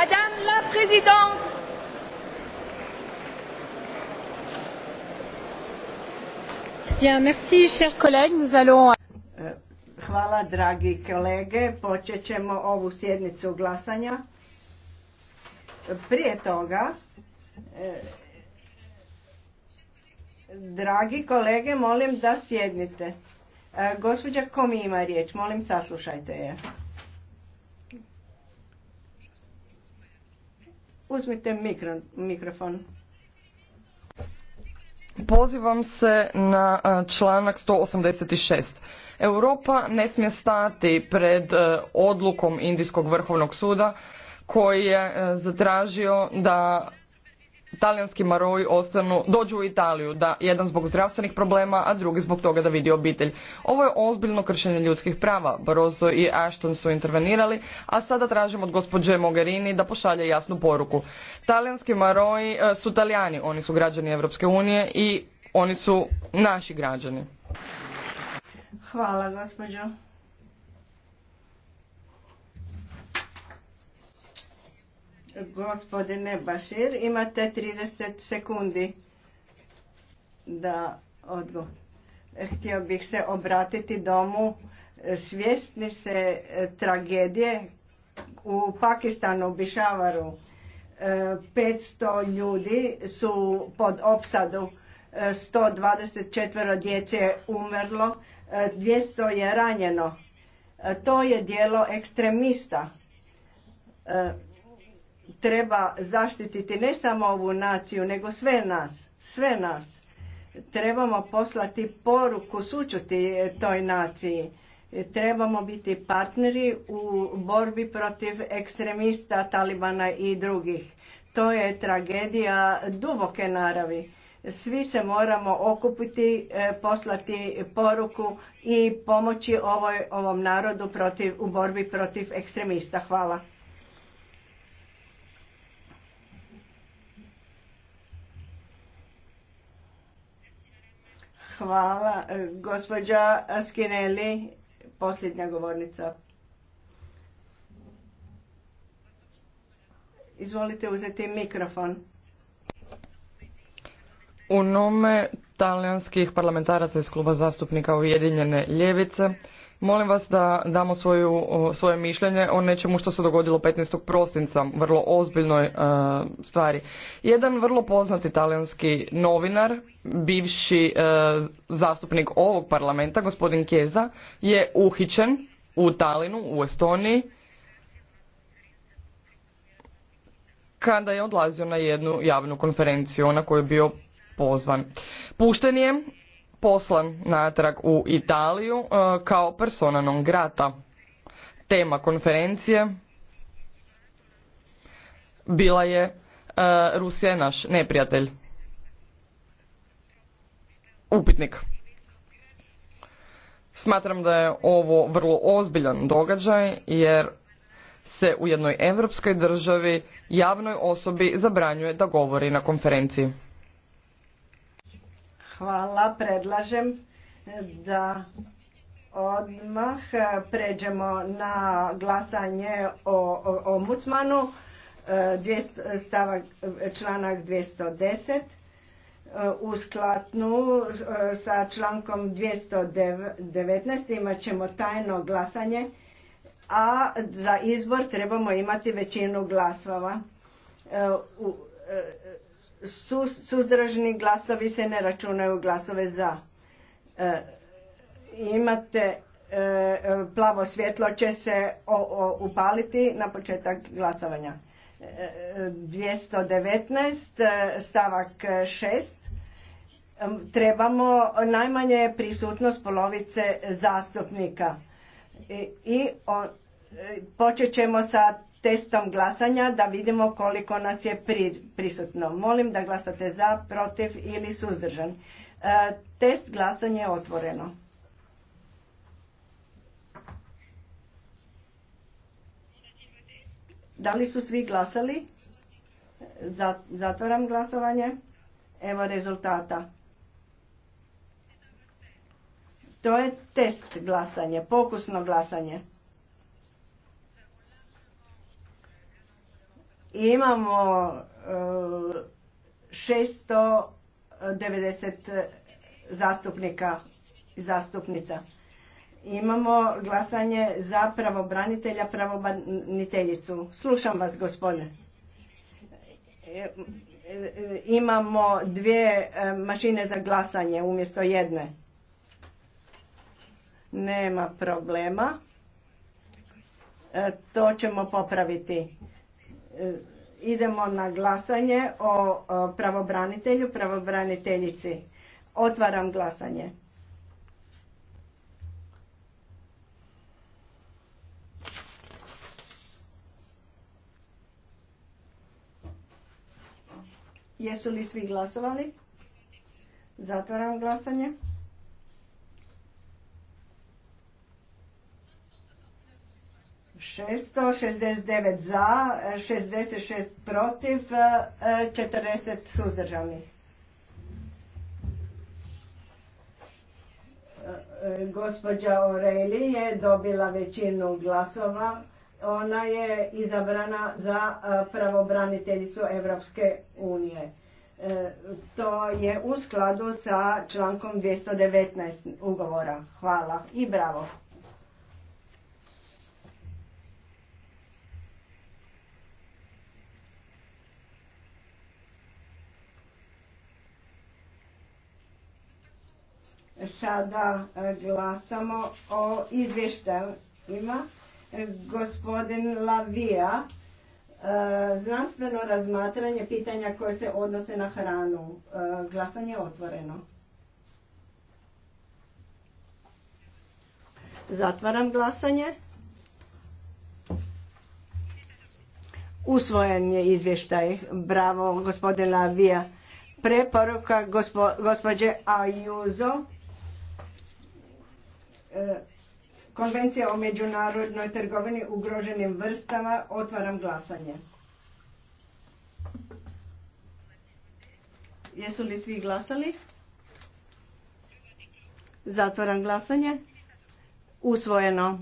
Madame la Présidente, Bien, merci, chers collègues. Nous allons... Euh, eh, hvala, dragi kolege. Počet ćemo ovu sjednicu glasanja. Prije toga, eh, dragi kolege, molim da sjednite. Eh, gospođa Komi ima riječ, molim saslušajte je. Uzmite mikrofon. Pozivam se na članak 186. Europa ne smije stati pred e, odlukom Indijskog vrhovnog suda koji je e, zatražio da talijanski maroji ostanu, dođu u Italiju, da jedan zbog zdravstvenih problema, a drugi zbog toga da vidi obitelj. Ovo je ozbiljno kršenje ljudskih prava. Barroso i Ashton su intervenirali, a sada tražimo od gospođe Mogherini da pošalje jasnu poruku. Talijanski maroji e, su Talijani, oni su građani Europske unije i oni su naši građani. Hvala gospođo. Gospodine Bašir, imate 30 sekundi da odgovor. Htio bih se obratiti domu. Svjesni se e, tragedije u Pakistanu, u Bišavaru. 500 e, ljudi su pod opsadu, 124 e, djece je umrlo, 200 je ranjeno. To je dijelo ekstremista treba zaštititi ne samo ovu naciju, nego sve nas, sve nas. Trebamo poslati poruku sučuti toj naciji. Trebamo biti partneri u borbi protiv ekstremista, talibana i drugih. To je tragedija duboke naravi. Svi se moramo okupiti, e, poslati poruku i pomoći ovom narodu u borbi protiv ekstremista. Hvala. Hvala. E, gospođa Skinelli, posljednja govornica. Izvolite uzeti mikrofon. U nome talijanskih parlamentaraca iz kluba zastupnika Ujedinjene ljevice Molim vas da damo svoju, svoje mišljenje o nečemu što se dogodilo 15. prosinca, vrlo ozbiljnoj e, stvari. Jedan vrlo poznati talijanski novinar, bivši e, zastupnik ovog parlamenta, gospodin Keza, je uhićen u Talinu, u Estoniji, kada je odlazio na jednu javnu konferenciju na koju je bio pozvan. Pušten je poslan natrag u Italiju e, kao persona non grata. Tema konferencije bila je e, Rusija je naš neprijatelj. Upitnik. Smatram da je ovo vrlo ozbiljan događaj jer se u jednoj europskoj državi javnoj osobi zabranjuje da govori na konferenciji. Hvala, predlažem eh, da odmah eh, pređemo na glasanje o ombudsmanu, eh, članak 210 u sklatnu sa člankom 219 imat ćemo tajno glasanje, a za izbor trebamo imati većinu glasova. U, Sus, suzdržani glasovi se ne računaju glasove za. E, imate e, plavo svjetlo će se upaliti na početak glasovanja. 219 e, stavak 6 trebamo najmanje prisutnost polovice zastupnika i, počet ćemo sa testom glasanja da vidimo koliko nas je prisutno. Molim da glasate za, protiv ili suzdržan. E, test glasanja je otvoreno. Da li su svi glasali? Zatvaram glasovanje. Evo rezultata. To je test glasanje, pokusno glasanje. Imamo 690 e, zastupnika i zastupnica. Imamo glasanje za pravobranitelja, pravobraniteljicu. Slušam vas, gospodine. E, e, imamo dvije mašine za glasanje umjesto jedne. Nema problema. To ćemo popraviti. Eh, idemo na glasanje o pravobranitelju, pravobraniteljici. Otvaram glasanje. Jesu li svi glasovali? Zatvaram glasanje. 669 za, 66 protiv, 40 suzdržanih. Gospođa O'Reilly je dobila većinu glasova. Ona je izabrana za e, pravobraniteljicu Evropske unije. E, to je u skladu sa člankom 219 ugovora. Hvala i bravo. Sada e, glasamo o izvještajima e, gospodin Lavija e, znanstveno razmatranje pitanja koje se odnose na hranu. Glasanje otvoreno. Zatvaram glasanje. Usvojen je izvještaj. Bravo, gospodin Lavija. Preporuka gospođe Ajuzo E, konvencija o međunarodnoj trgovini ugroženim vrstama. Otvaram glasanje. Jesu li svi glasali? Zatvaram glasanje. Usvojeno.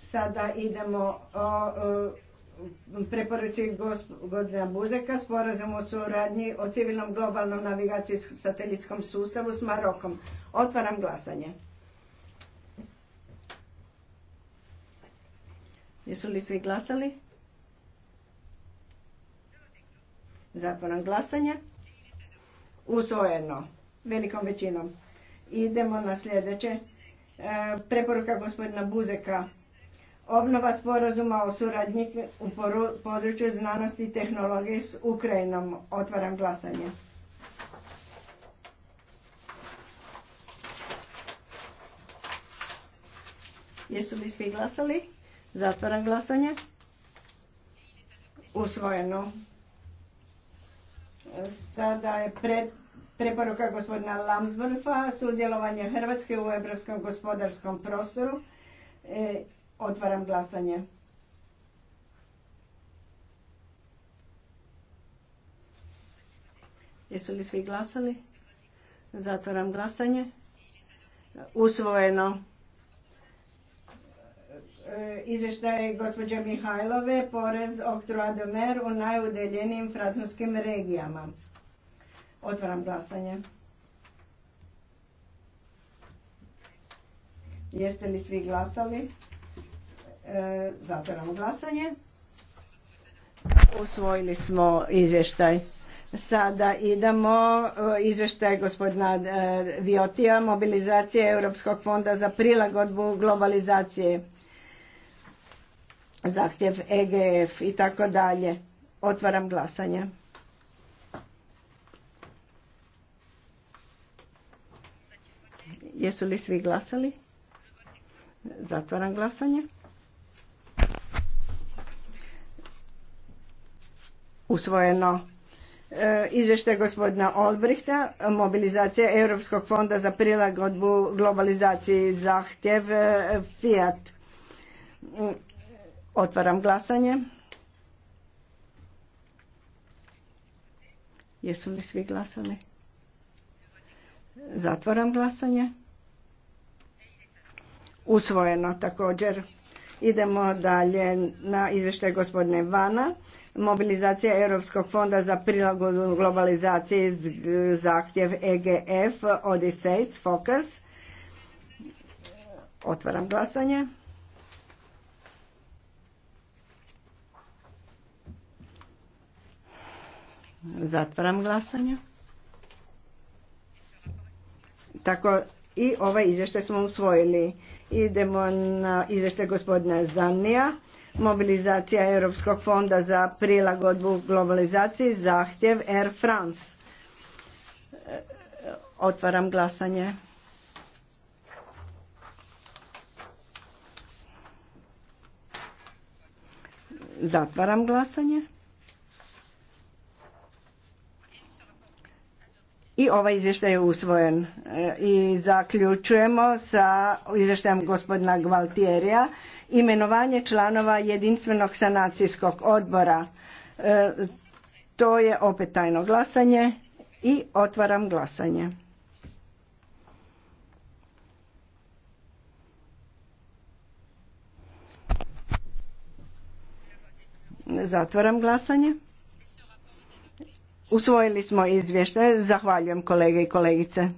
Sada idemo e, preporuci gospodina Buzeka sporazum o suradnji o civilnom globalnom navigacijskom satelitskom sustavu s Marokom. Otvaram glasanje. Jesu li svi glasali? Zatvaram glasanje. Usvojeno. Velikom većinom. Idemo na sljedeće. E, preporuka gospodina Buzeka Obnova sporazuma o suradnji u području znanosti i tehnologije s Ukrajinom. Otvaram glasanje. Jesu li svi glasali? Zatvaram glasanje. Usvojeno. Sada je pred, preporuka gospodina Lamsvrfa sudjelovanje Hrvatske u europskom gospodarskom prostoru. E, Otvaram glasanje. Jesu li svi glasali? Zatvaram glasanje. Usvojeno. E, izvještaj gospođe Mihajlove, porez octroi de mer u najudeljenijim francuskim regijama. Otvaram glasanje. Jeste li svi glasali? E, Zatvaram glasanje. Usvojili smo izvještaj. Sada idemo e, izvještaj gospodina e, Viotija, mobilizacije Europskog fonda za prilagodbu globalizacije, zahtjev EGF i tako dalje. Otvaram glasanje. Jesu li svi glasali? Zatvaram glasanje. usvojeno. E, izvještaj gospodina Olbrihta, mobilizacija Europskog fonda za prilagodbu globalizaciji zahtjev e, Fiat. Mm, otvaram glasanje. Jesu li svi glasali? Zatvaram glasanje. Usvojeno također. Idemo dalje na izvještaj gospodine Vana mobilizacija Europskog fonda za prilagodbu globalizaciji zahtjev EGF, Odisejs, Focus. Otvaram glasanje. Zatvaram glasanje. Tako i ovaj izvještaj smo usvojili. Idemo na izvještaj gospodina Zanija mobilizacija Europskog fonda za prilagodbu globalizaciji, zahtjev Air France. E, otvaram glasanje. Zatvaram glasanje. I ovaj izvještaj je usvojen. E, I zaključujemo sa izvještajem gospodina Gvaltierija imenovanje članova jedinstvenog sanacijskog odbora. E, to je opet tajno glasanje i otvaram glasanje. Zatvaram glasanje. Usvojili smo izvještaj. Zahvaljujem kolege i kolegice.